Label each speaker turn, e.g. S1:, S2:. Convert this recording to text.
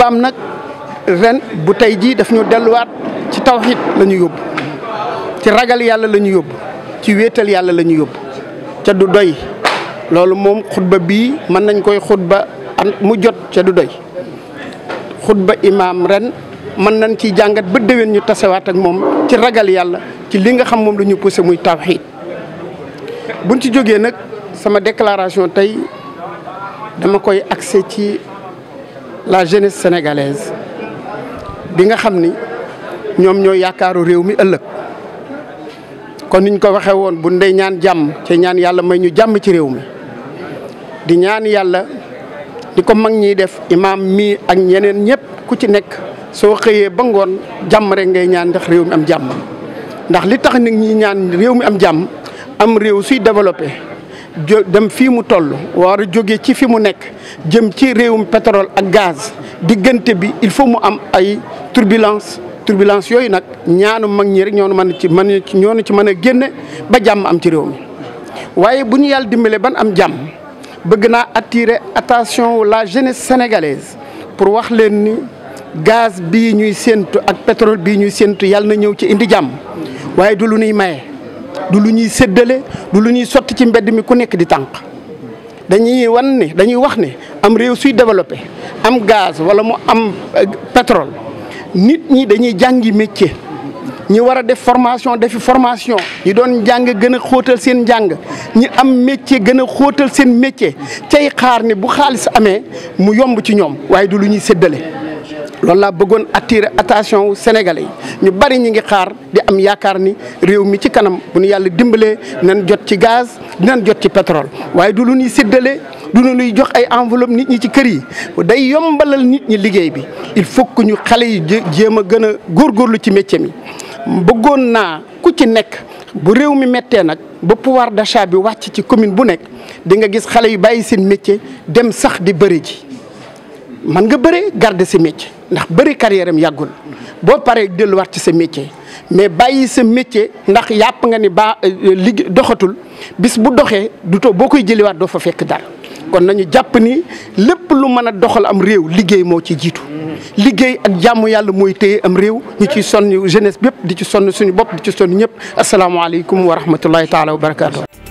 S1: am nag ren bu tey jii daf ñu delluwaat ci tawxiid la ñu yóbbu ci ragal yàlla la yóbbu ci wéetal yàlla la ñu yóbbu ca du doy loolu moom xutba bii mën nañ koy xutba mu jot ca du doy xutba imaam ren mën nañ ciy jàngat ba déwén ñu tasewaat ak moom ci ragal yàlla ci li nga xam moom la ñu poussé muy tawxiid buñ ci jógee nag sama déclaration tey dama koy axé ci la jeunesse sénégalaise bi nga xam ni ñoom ñooy yaakaaru réew mi ëllëg kon niñ ko waxee woon bu ndey ñaan jàmm ci ñaan yàlla may ñu jàmm ci réew mi di ñaan yàlla di ko mag ñiy def imaam mii ak ñeneen ñëpp ku ci nekk soo xëyee ba ngoon jàmm rek ngay ñaan ndax réew mi am jàmm ndax li tax nit ñaan réew mi am jàmm am réew suy développé dem fi mu toll war a ci fi mu nek jëm ci réewum pétrole ak gaz diggante bi il faut mu am ay turbulence turbulence yoy nak ñaanu mag ñi rek ñoo man ci man ñoonu ci mën génné ba jàmm am ci réew waye buñu bu ñu ban am jàmm bëgg na attirer attention la jeunesse sénégalaise pour wax leen ni gaz bi ñuy sentu ak pétrole bi ñuy sentu yalla na ñëw ci indi jàmm waye du lu ñuy maye. du lu ñuy séddale du lu ñuy sotti ci mbedd mi ku nekk di tànq dañuy wan ne dañuy wax ne am réew suy développé am gaz wala mu am euh, pétrole nit ñi dañuy jàngi métier ñi war a def formation defi formation ñi doon jàng gën a xóotal seen njàng ñi am métier gën a xóotal seen métier cay xaar ne bu xaalis amee mu yomb ci ñoom waaye du lu ñuy séddale loolu laa bëggoon attirer attention wu yi ñu bari ñi ngi xaar di am yaakaar ni réew mi ci kanam bu nu yàlla dimbalee dinañ jot ci gaz dinañ jot ci pétrole waaye du lu ñuy séddale du lu jox ay enveloppe nit ñi ci kër yi day yombalal nit ñi liggéey bi il faut ku ñu xale yi jéem a gën a góorgóorlu ci métier mi bëggoon naa ku ci nekk bu réew mi méttee nag ba pouvoir d'achat bi wàcc ci commune bu nekk di nga gis xale yu bàyyi seen métier dem sax di bëri ji man nga bëre garder sa métier ndax bëri carrière am yàggul boo paree delluwaat ci sa métier mais bàyyi sa métier ndax yàpp nga ni ba euh, liggéey doxatul bis bu doxee du too boo koy jëliwaat doo fa fekk dar kon nañu jàpp ni lépp lu mën a doxal am réew liggéey moo ci jiitu liggéey ak jàmm yàlla mooy téye am réew ñu ciy sonn jeunesse bépp di ci sonn suñu bopp di ci sonn ñëpp asalaamaaleykum wa rahmatullahi taala wa barakaatu.